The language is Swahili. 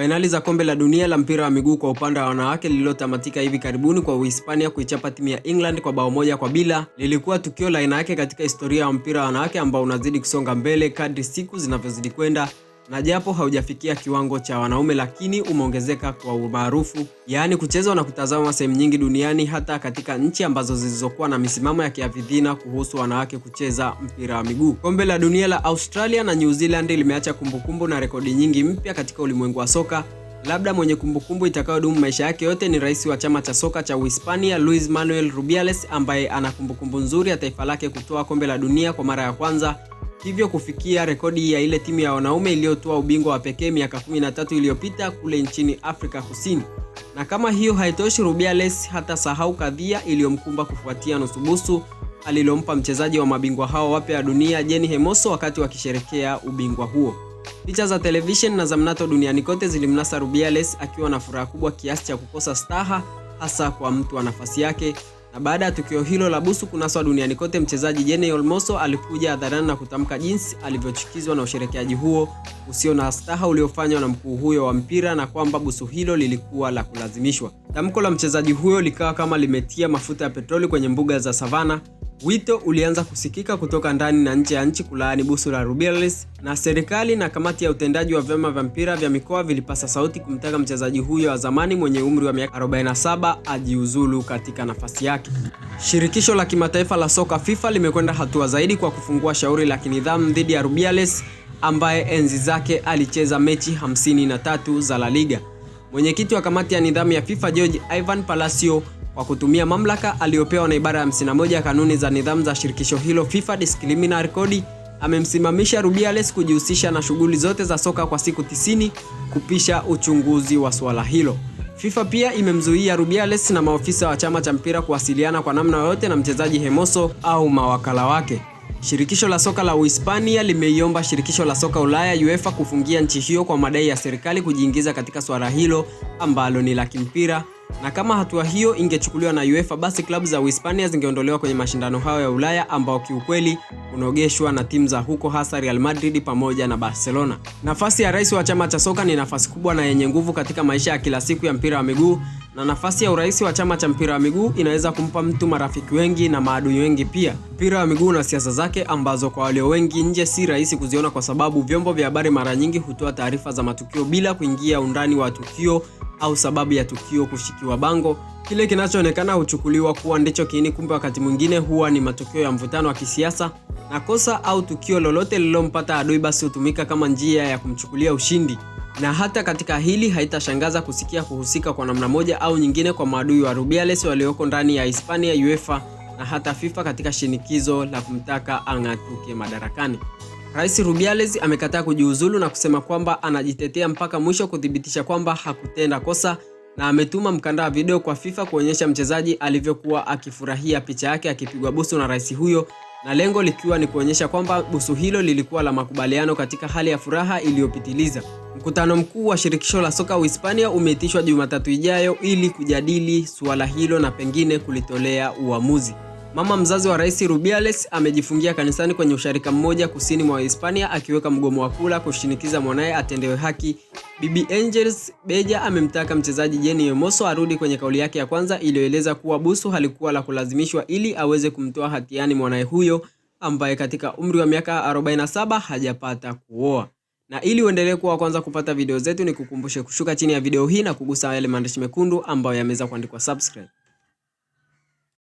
Fainali za kombe la dunia la mpira wa miguu kwa upande wa wanawake lililotamatika hivi karibuni kwa Uhispania kuichapa timu ya England kwa bao moja kwa bila lilikuwa tukio la aina yake katika historia ya mpira wa wanawake ambao unazidi kusonga mbele kadri siku zinavyozidi kwenda na japo haujafikia kiwango cha wanaume, lakini umeongezeka kwa umaarufu, yaani kuchezwa na kutazama sehemu nyingi duniani, hata katika nchi ambazo zilizokuwa na misimamo ya kiafidhina kuhusu wanawake kucheza mpira wa miguu. Kombe la dunia la Australia na New Zealand limeacha kumbukumbu na rekodi nyingi mpya katika ulimwengu wa soka. Labda mwenye kumbukumbu itakayodumu maisha yake yote ni rais wa chama cha soka cha Uhispania Luis Manuel Rubiales, ambaye ana kumbukumbu nzuri ya taifa lake kutoa kombe la dunia kwa mara ya kwanza hivyo kufikia rekodi ya ile timu ya wanaume iliyotoa ubingwa wa pekee miaka 13 iliyopita kule nchini Afrika Kusini. Na kama hiyo haitoshi, Rubiales hata sahau kadhia iliyomkumba kufuatia nusubusu alilompa mchezaji wa mabingwa hao wapya wa dunia Jeni Hermoso wakati wakisherekea ubingwa huo. Picha za television na za mnato duniani kote zilimnasa Rubiales akiwa na furaha kubwa kiasi cha kukosa staha, hasa kwa mtu wa nafasi yake na baada ya tukio hilo la busu kunaswa duniani kote, mchezaji Jene Olmoso alikuja hadharani na kutamka jinsi alivyochukizwa na usherekeaji huo usio na staha uliofanywa na mkuu huyo wa mpira na kwamba busu hilo lilikuwa la kulazimishwa. Tamko la mchezaji huyo likawa kama limetia mafuta ya petroli kwenye mbuga za Savana Wito ulianza kusikika kutoka ndani na nje ya nchi kulaani busu la Rubiales, na serikali na kamati ya utendaji wa vyama vya mpira vya mikoa vilipasa sauti kumtaka mchezaji huyo wa zamani mwenye umri wa miaka 47 ajiuzulu katika nafasi yake. Shirikisho la kimataifa la soka FIFA limekwenda hatua zaidi kwa kufungua shauri la kinidhamu dhidi ya Rubiales ambaye enzi zake alicheza mechi 53 za La Liga. Mwenyekiti wa kamati ya nidhamu ya FIFA George Ivan Palacio kwa kutumia mamlaka aliyopewa na ibara ya 51 ya kanuni za nidhamu za shirikisho hilo FIFA Disciplinary Code amemsimamisha Rubiales kujihusisha na shughuli zote za soka kwa siku tisini kupisha uchunguzi wa suala hilo. FIFA pia imemzuia Rubiales na maofisa wa chama cha mpira kuwasiliana kwa namna yoyote na mchezaji Hermoso au mawakala wake. Shirikisho la soka la Uhispania limeiomba shirikisho la soka Ulaya UEFA kufungia nchi hiyo kwa madai ya serikali kujiingiza katika suala hilo ambalo ni la kimpira na kama hatua hiyo ingechukuliwa na UEFA, basi klabu za Uhispania zingeondolewa kwenye mashindano hayo ya Ulaya ambao kiukweli unaogeshwa na timu za huko, hasa Real Madrid pamoja na Barcelona. Nafasi ya rais wa chama cha soka ni nafasi kubwa na yenye nguvu katika maisha ya kila siku ya mpira wa miguu, na nafasi ya urais wa chama cha mpira wa miguu inaweza kumpa mtu marafiki wengi na maadui wengi pia. Mpira wa miguu na siasa zake ambazo kwa walio wengi nje si rahisi kuziona, kwa sababu vyombo vya habari mara nyingi hutoa taarifa za matukio bila kuingia undani wa tukio au sababu ya tukio kushikiwa bango, kile kinachoonekana huchukuliwa kuwa ndicho kiini, kumbe wakati mwingine huwa ni matokeo ya mvutano wa kisiasa, na kosa au tukio lolote lililompata adui basi hutumika kama njia ya kumchukulia ushindi. Na hata katika hili haitashangaza kusikia kuhusika kwa namna moja au nyingine kwa maadui wa Rubiales walioko ndani ya Hispania, UEFA na hata FIFA katika shinikizo la kumtaka ang'atuke madarakani. Rais Rubiales amekataa kujiuzulu na kusema kwamba anajitetea mpaka mwisho kuthibitisha kwamba hakutenda kosa na ametuma mkanda wa video kwa FIFA kuonyesha mchezaji alivyokuwa akifurahia picha yake akipigwa busu na rais huyo, na lengo likiwa ni kuonyesha kwamba busu hilo lilikuwa la makubaliano katika hali ya furaha iliyopitiliza. Mkutano mkuu wa shirikisho la soka Uhispania umeitishwa Jumatatu ijayo ili kujadili suala hilo na pengine kulitolea uamuzi. Mama mzazi wa Rais Rubiales amejifungia kanisani kwenye usharika mmoja kusini mwa Hispania akiweka mgomo wa kula kushinikiza mwanaye atendewe haki. Bibi Angels Beja amemtaka mchezaji Jenny Hermoso arudi kwenye kauli yake ya kwanza iliyoeleza kuwa busu halikuwa la kulazimishwa ili aweze kumtoa hatiani mwanaye huyo ambaye katika umri wa miaka 47 hajapata kuoa. Na ili uendelee kuwa wa kwanza kupata video zetu, ni kukumbushe kushuka chini ya video hii na kugusa yale maandishi mekundu ambayo yameweza kuandikwa subscribe.